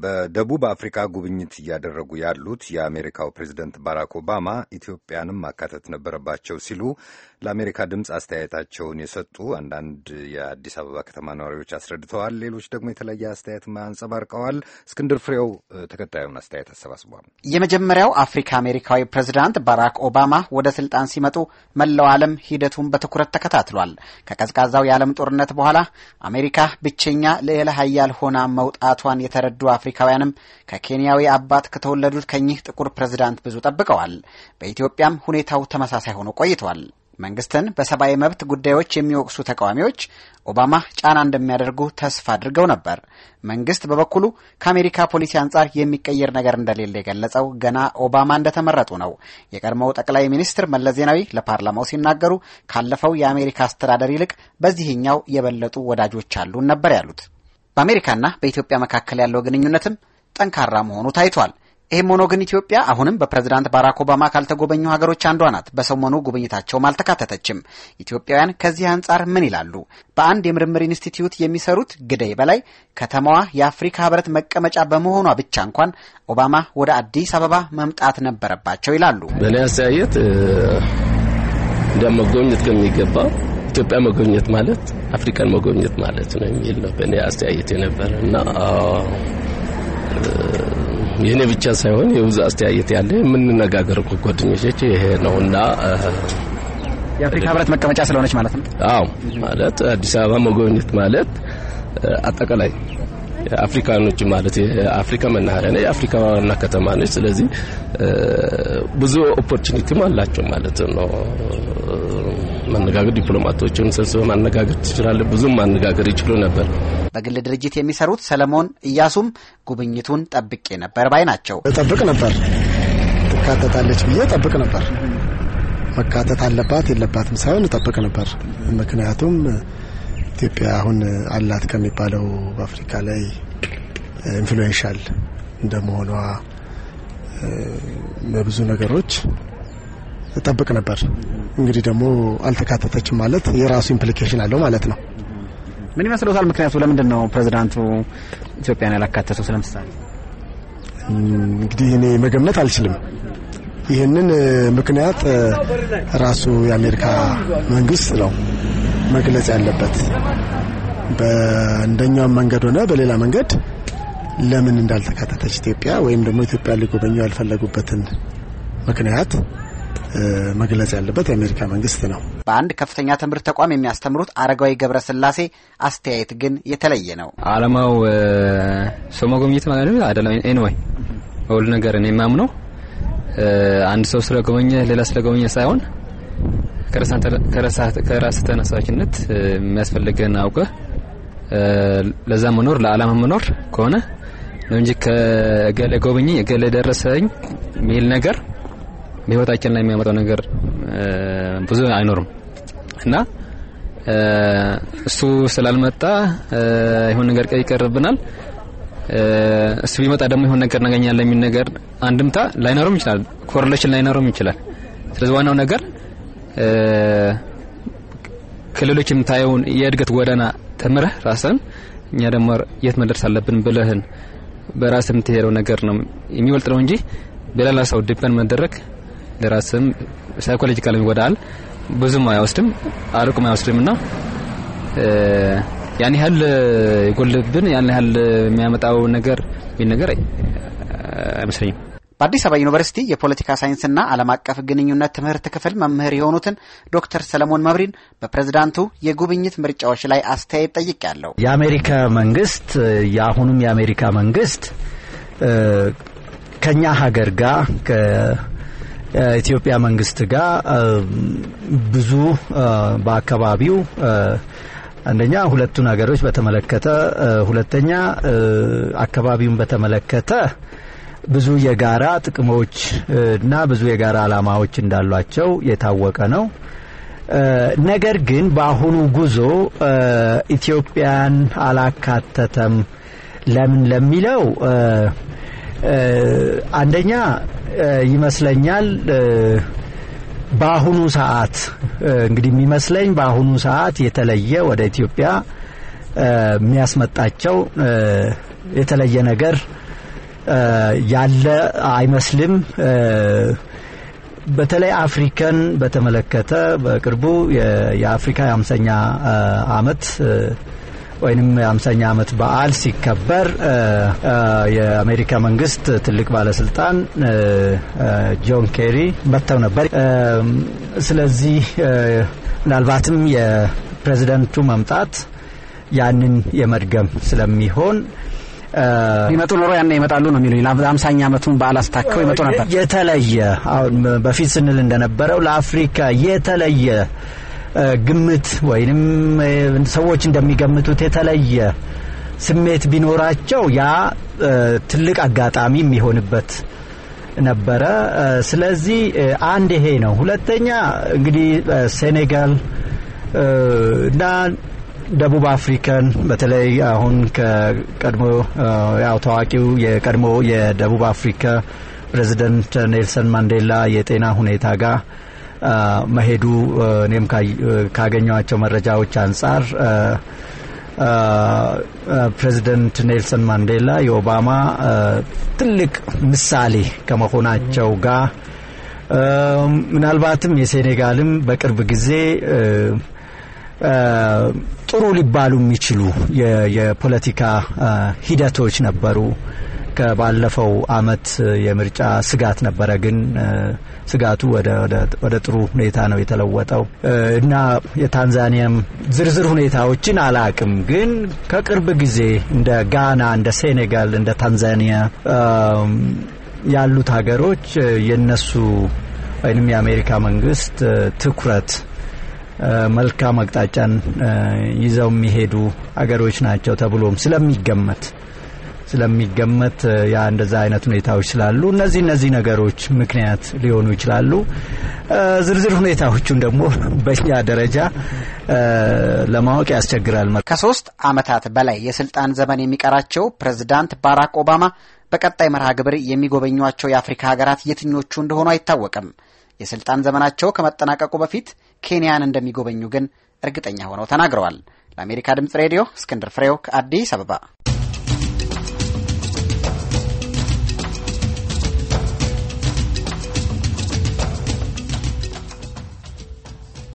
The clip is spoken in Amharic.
the በደቡብ አፍሪካ ጉብኝት እያደረጉ ያሉት የአሜሪካው ፕሬዚደንት ባራክ ኦባማ ኢትዮጵያንም ማካተት ነበረባቸው ሲሉ ለአሜሪካ ድምፅ አስተያየታቸውን የሰጡ አንዳንድ የአዲስ አበባ ከተማ ነዋሪዎች አስረድተዋል። ሌሎች ደግሞ የተለያየ አስተያየት አንጸባርቀዋል። እስክንድር ፍሬው ተከታዩን አስተያየት አሰባስቧል። የመጀመሪያው አፍሪካ አሜሪካዊ ፕሬዚዳንት ባራክ ኦባማ ወደ ስልጣን ሲመጡ መላው ዓለም ሂደቱን በትኩረት ተከታትሏል። ከቀዝቃዛው የዓለም ጦርነት በኋላ አሜሪካ ብቸኛ ልዕለ ሀያል ሆና መውጣቷን የተረዱ አፍሪካውያን ኢትዮጵያውያንም ከኬንያዊ አባት ከተወለዱት ከኚህ ጥቁር ፕሬዝዳንት ብዙ ጠብቀዋል። በኢትዮጵያም ሁኔታው ተመሳሳይ ሆኖ ቆይቷል። መንግስትን በሰብአዊ መብት ጉዳዮች የሚወቅሱ ተቃዋሚዎች ኦባማ ጫና እንደሚያደርጉ ተስፋ አድርገው ነበር። መንግስት በበኩሉ ከአሜሪካ ፖሊሲ አንጻር የሚቀየር ነገር እንደሌለ የገለጸው ገና ኦባማ እንደተመረጡ ነው። የቀድሞው ጠቅላይ ሚኒስትር መለስ ዜናዊ ለፓርላማው ሲናገሩ ካለፈው የአሜሪካ አስተዳደር ይልቅ በዚህኛው የበለጡ ወዳጆች አሉን ነበር ያሉት። በአሜሪካና በኢትዮጵያ መካከል ያለው ግንኙነትም ጠንካራ መሆኑ ታይቷል። ይህም ሆኖ ግን ኢትዮጵያ አሁንም በፕሬዝዳንት ባራክ ኦባማ ካልተጎበኙ ሀገሮች አንዷ ናት። በሰሞኑ ጉብኝታቸውም አልተካተተችም። ኢትዮጵያውያን ከዚህ አንጻር ምን ይላሉ? በአንድ የምርምር ኢንስቲትዩት የሚሰሩት ግደይ በላይ ከተማዋ የአፍሪካ ሕብረት መቀመጫ በመሆኗ ብቻ እንኳን ኦባማ ወደ አዲስ አበባ መምጣት ነበረባቸው ይላሉ። በእኔ አስተያየት እንደመጎብኘት ከሚገባ ኢትዮጵያ መጎብኘት ማለት አፍሪካን መጎብኘት ማለት ነው የሚል ነው በእኔ አስተያየት የነበረ እና የእኔ ብቻ ሳይሆን የብዙ አስተያየት ያለ የምንነጋገር ጓደኞች ይሄ ነው እና የአፍሪካ ህብረት መቀመጫ ስለሆነች ማለት ነው። አዎ ማለት አዲስ አበባ መጎብኘት ማለት አጠቃላይ አፍሪካኖች ማለት የአፍሪካ መናኸሪያ ነች። የአፍሪካ ዋና ከተማ ነች። ስለዚህ ብዙ ኦፖርቹኒቲም አላቸው ማለት ነው። መነጋገር ዲፕሎማቶችን ሰብስበ ማነጋገር ትችላለ። ብዙም ማነጋገር ይችሉ ነበር። በግል ድርጅት የሚሰሩት ሰለሞን እያሱም ጉብኝቱን ጠብቄ ነበር ባይ ናቸው። ጠብቅ ነበር ትካተታለች ብዬ ጠብቅ ነበር። መካተት አለባት የለባትም ሳይሆን ጠብቅ ነበር። ምክንያቱም ኢትዮጵያ አሁን አላት ከሚባለው በአፍሪካ ላይ ኢንፍሉዌንሻል እንደመሆኗ በብዙ ነገሮች እጠብቅ ነበር። እንግዲህ ደግሞ አልተካተተችም ማለት የራሱ ኢምፕሊኬሽን አለው ማለት ነው። ምን ይመስሎታል ምክንያቱ? ለምንድን ነው ፕሬዚዳንቱ ኢትዮጵያን ያላካተተው? ለምሳሌ እንግዲህ እኔ መገመት አልችልም። ይህንን ምክንያት ራሱ የአሜሪካ መንግስት ነው መግለጽ ያለበት። በአንደኛው መንገድ ሆነ በሌላ መንገድ ለምን እንዳልተካተተች ኢትዮጵያ ወይም ደግሞ ኢትዮጵያ ሊጎበኙ ያልፈለጉበትን ምክንያት መግለጽ ያለበት የአሜሪካ መንግስት ነው። በአንድ ከፍተኛ ትምህርት ተቋም የሚያስተምሩት አረጋዊ ገብረስላሴ አስተያየት ግን የተለየ ነው። አላማው ሰው መጎብኘት ማለት አይደለም። ኤንዋይ በሁሉ ነገር እኔ የማምነው አንድ ሰው ስለጎበኘ ሌላ ስለጎበኘ ሳይሆን ከራስ ተነሳችነት የሚያስፈልገን አውቀ ለዛ መኖር ለአላማ መኖር ከሆነ ነው እንጂ ከገሌ ጎብኝ ገሌ ደረሰኝ ሚል ነገር በህይወታችን ላይ የሚያመጣው ነገር ብዙ አይኖርም እና እሱ ስላልመጣ ይሁን ነገር ቀይ ይቀርብናል። እሱ ቢመጣ ደግሞ ይሁን ነገር እናገኛለን የሚል ነገር አንድምታ ላይኖርም ይችላል፣ ኮረሌሽን ላይኖርም ይችላል። ስለዚህ ዋናው ነገር ክልሎች የምታየውን የእድገት ጎዳና ተምረህ ራስን እኛ ደግሞ የት መድረስ አለብን ብለህን በራስ የምትሄደው ነገር ነው የሚበልጥ ነው እንጂ በሌላ ሰው ዲፔንድ መደረግ ለራስም ሳይኮሎጂካል ይጎዳል። ብዙም አይወስድም አርቁም አይወስድም እና ያን ያህል ይጎልብን ያን ያህል የሚያመጣው ነገር ቢል ነገር አይመስለኝም። በአዲስ አበባ ዩኒቨርሲቲ የፖለቲካ ሳይንስና ዓለም አቀፍ ግንኙነት ትምህርት ክፍል መምህር የሆኑትን ዶክተር ሰለሞን መብሪን በፕሬዝዳንቱ የጉብኝት ምርጫዎች ላይ አስተያየት ጠይቄያለሁ። የአሜሪካ መንግስት የአሁኑም የአሜሪካ መንግስት ከእኛ ሀገር ጋር ኢትዮጵያ መንግስት ጋር ብዙ በአካባቢው አንደኛ ሁለቱን ሀገሮች በተመለከተ፣ ሁለተኛ አካባቢውን በተመለከተ ብዙ የጋራ ጥቅሞች እና ብዙ የጋራ አላማዎች እንዳሏቸው የታወቀ ነው። ነገር ግን በአሁኑ ጉዞ ኢትዮጵያን አላካተተም። ለምን ለሚለው አንደኛ ይመስለኛል በአሁኑ ሰዓት እንግዲህ የሚመስለኝ በአሁኑ ሰዓት የተለየ ወደ ኢትዮጵያ የሚያስመጣቸው የተለየ ነገር ያለ አይመስልም። በተለይ አፍሪካን በተመለከተ በቅርቡ የአፍሪካ የአምሰኛ አመት። ወይም የአምሳኛ ዓመት በዓል ሲከበር የአሜሪካ መንግስት ትልቅ ባለስልጣን ጆን ኬሪ መጥተው ነበር። ስለዚህ ምናልባትም የፕሬዚደንቱ መምጣት ያንን የመድገም ስለሚሆን ሊመጡ ኖሮ ያኔ ይመጣሉ ነው የሚሉኝ። ለአምሳኛ ዓመቱን በዓል አስታከው ይመጡ ነበር። የተለየ አሁን በፊት ስንል እንደነበረው ለአፍሪካ የተለየ ግምት ወይንም ሰዎች እንደሚገምቱት የተለየ ስሜት ቢኖራቸው ያ ትልቅ አጋጣሚ የሚሆንበት ነበረ። ስለዚህ አንድ ይሄ ነው። ሁለተኛ እንግዲህ ሴኔጋል እና ደቡብ አፍሪካን በተለይ አሁን ከቀድሞ ያው ታዋቂው የቀድሞ የደቡብ አፍሪካ ፕሬዚደንት ኔልሰን ማንዴላ የጤና ሁኔታ ጋር መሄዱ እኔም ካገኘዋቸው መረጃዎች አንጻር ፕሬዚደንት ኔልሰን ማንዴላ የኦባማ ትልቅ ምሳሌ ከመሆናቸው ጋር ምናልባትም የሴኔጋልም በቅርብ ጊዜ ጥሩ ሊባሉ የሚችሉ የፖለቲካ ሂደቶች ነበሩ። ከባለፈው አመት የምርጫ ስጋት ነበረ፣ ግን ስጋቱ ወደ ጥሩ ሁኔታ ነው የተለወጠው እና የታንዛኒያም ዝርዝር ሁኔታዎችን አላቅም፣ ግን ከቅርብ ጊዜ እንደ ጋና፣ እንደ ሴኔጋል፣ እንደ ታንዛኒያ ያሉት ሀገሮች የነሱ ወይም የአሜሪካ መንግስት ትኩረት መልካም አቅጣጫን ይዘው የሚሄዱ አገሮች ናቸው ተብሎም ስለሚገመት ስለሚገመት ያ እንደዛ አይነት ሁኔታዎች ስላሉ እነዚህ እነዚህ ነገሮች ምክንያት ሊሆኑ ይችላሉ። ዝርዝር ሁኔታዎቹን ደግሞ በኛ ደረጃ ለማወቅ ያስቸግራል። ከሶስት አመታት በላይ የስልጣን ዘመን የሚቀራቸው ፕሬዝዳንት ባራክ ኦባማ በቀጣይ መርሃ ግብር የሚጎበኟቸው የአፍሪካ ሀገራት የትኞቹ እንደሆኑ አይታወቅም። የስልጣን ዘመናቸው ከመጠናቀቁ በፊት ኬንያን እንደሚጎበኙ ግን እርግጠኛ ሆነው ተናግረዋል። ለአሜሪካ ድምጽ ሬዲዮ እስክንድር ፍሬው ከአዲስ አበባ